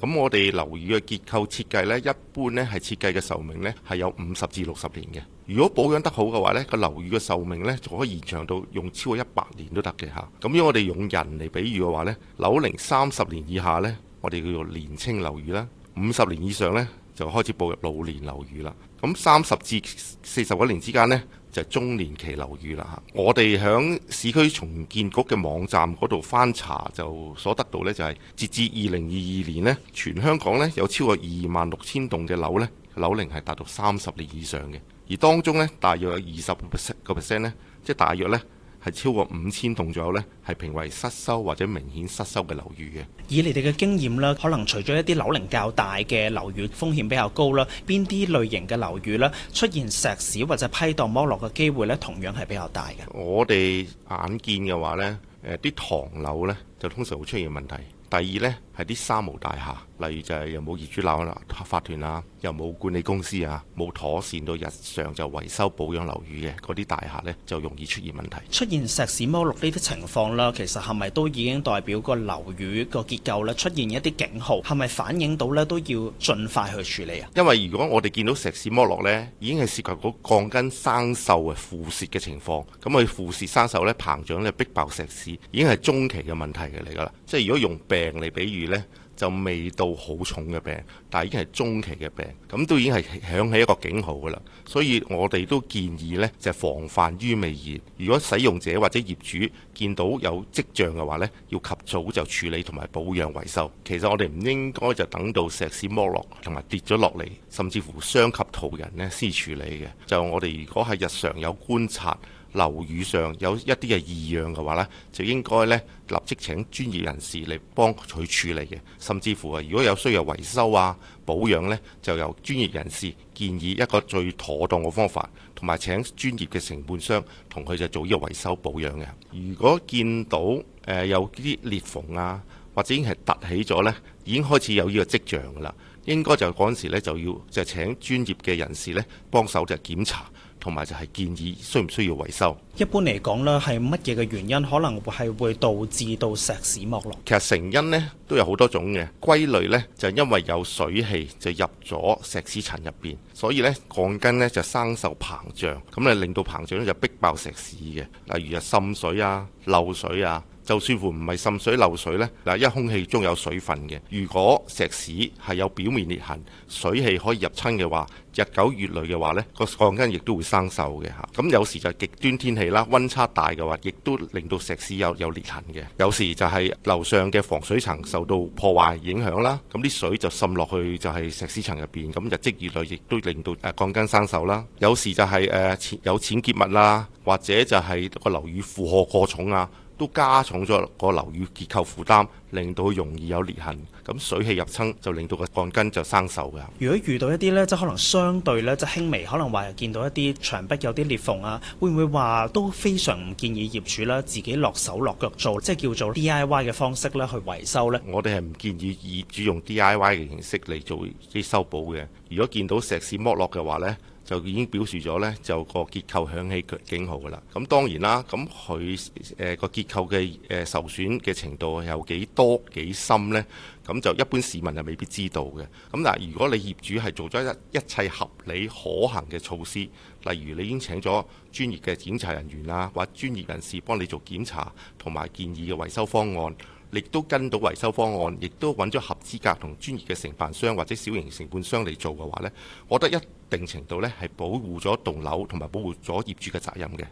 咁我哋樓宇嘅結構設計呢，一般呢係設計嘅壽命呢係有五十至六十年嘅。如果保養得好嘅話呢，個樓宇嘅壽命呢仲可以延長到用超過一百年都得嘅吓。咁如果我哋用人嚟比喻嘅話呢，樓齡三十年以下呢，我哋叫做年青樓宇啦；五十年以上呢。就開始步入老年樓宇啦。咁三十至四十一年之間呢，就係中年期樓宇啦。嚇，我哋喺市區重建局嘅網站嗰度翻查，就所得到呢，就係截至二零二二年呢，全香港呢，有超過二萬六千棟嘅樓呢，樓齡係達到三十年以上嘅。而當中呢，大約有二十個 percent 即係大約呢。係超過五千棟左右呢，係評為失修或者明顯失修嘅樓宇嘅。以你哋嘅經驗咧，可能除咗一啲樓齡較大嘅樓宇風險比較高啦，邊啲類型嘅樓宇呢，出現石屎或者批盪剝落嘅機會呢，同樣係比較大嘅？我哋眼見嘅話呢，誒啲唐樓呢，就通常會出現問題。第二呢。係啲三無大廈，例如就係又冇業主立案法團啊，又冇管理公司啊，冇妥善到日常就維修保養樓宇嘅嗰啲大廈呢，就容易出現問題。出現石屎剝落呢啲情況啦，其實係咪都已經代表個樓宇個結構呢，出現一啲警號？係咪反映到呢都要盡快去處理啊？因為如果我哋見到石屎剝落呢，已經係涉及嗰鋼筋生鏽嘅腐蝕嘅情況，咁佢腐蝕生鏽呢，膨脹呢，逼爆石屎，已經係中期嘅問題嚟㗎啦。即係如果用病嚟比喻。就未到好重嘅病，但已經係中期嘅病，咁都已經係響起一個警號噶啦。所以我哋都建議呢就防範於未然。如果使用者或者業主見到有跡象嘅話呢，要及早就處理同埋保養維修。其實我哋唔應該就等到石屎剝落同埋跌咗落嚟，甚至乎傷及途人呢先處理嘅。就我哋如果係日常有觀察。樓宇上有一啲嘅異樣嘅話呢，就應該呢立即請專業人士嚟幫佢處理嘅。甚至乎啊，如果有需要維修啊保養呢，就由專業人士建議一個最妥當嘅方法，同埋請專業嘅承辦商同佢就做呢個維修保養嘅。如果見到、呃、有啲裂縫啊～或者已經係凸起咗，呢，已經開始有呢個跡象噶啦，應該就嗰陣時呢就要就係請專業嘅人士呢幫手就係檢查，同埋就係建議需唔需要維修。一般嚟講呢係乜嘢嘅原因，可能係會導致到石屎剝落？其實成因呢都有好多種嘅，歸類呢就因為有水氣就入咗石屎層入邊，所以鋼筋呢就生鏽膨脹，咁咧令到膨脹就逼爆石屎嘅。例如滲水啊、漏水啊。就算乎唔係滲水漏水呢，嗱，一空氣中有水分嘅。如果石屎係有表面裂痕，水氣可以入侵嘅話，日久月累嘅話呢，個鋼筋亦都會生鏽嘅嚇。咁有時就係極端天氣啦，溫差大嘅話，亦都令到石屎有有裂痕嘅。有時就係樓上嘅防水層受到破壞影響啦，咁啲水就滲落去就係石屎層入邊，咁日積月累亦都令到誒鋼筋生鏽啦。有時就係誒有僭建物啦，或者就係個樓宇負荷過重啊。都加重咗個樓宇結構負擔，令到容易有裂痕。咁水汽入侵就令到個鋼筋就生鏽㗎。如果遇到一啲呢，即可能相對呢，就係輕微，可能話見到一啲牆壁有啲裂縫啊，會唔會話都非常唔建議業主咧自己落手落腳做，即係叫做 DIY 嘅方式咧去維修呢？我哋係唔建議業主用 DIY 嘅形式嚟做啲修補嘅。如果見到石屎剝落嘅話呢，就已經表示咗呢，就個結構響起警號㗎啦。咁當然啦，咁佢誒個結構嘅誒受損嘅程度有幾多幾深呢？咁就一般市民又未必知道嘅。咁嗱，如果你業主係做咗一一切合理可行嘅措施，例如你已經請咗專業嘅檢查人員啦，或者專業人士幫你做檢查同埋建議嘅維修方案。亦都跟到維修方案，亦都揾咗合資格同專業嘅承辦商或者小型承辦商嚟做嘅話，呢我覺得一定程度呢，係保護咗棟樓同埋保護咗業主嘅責任嘅。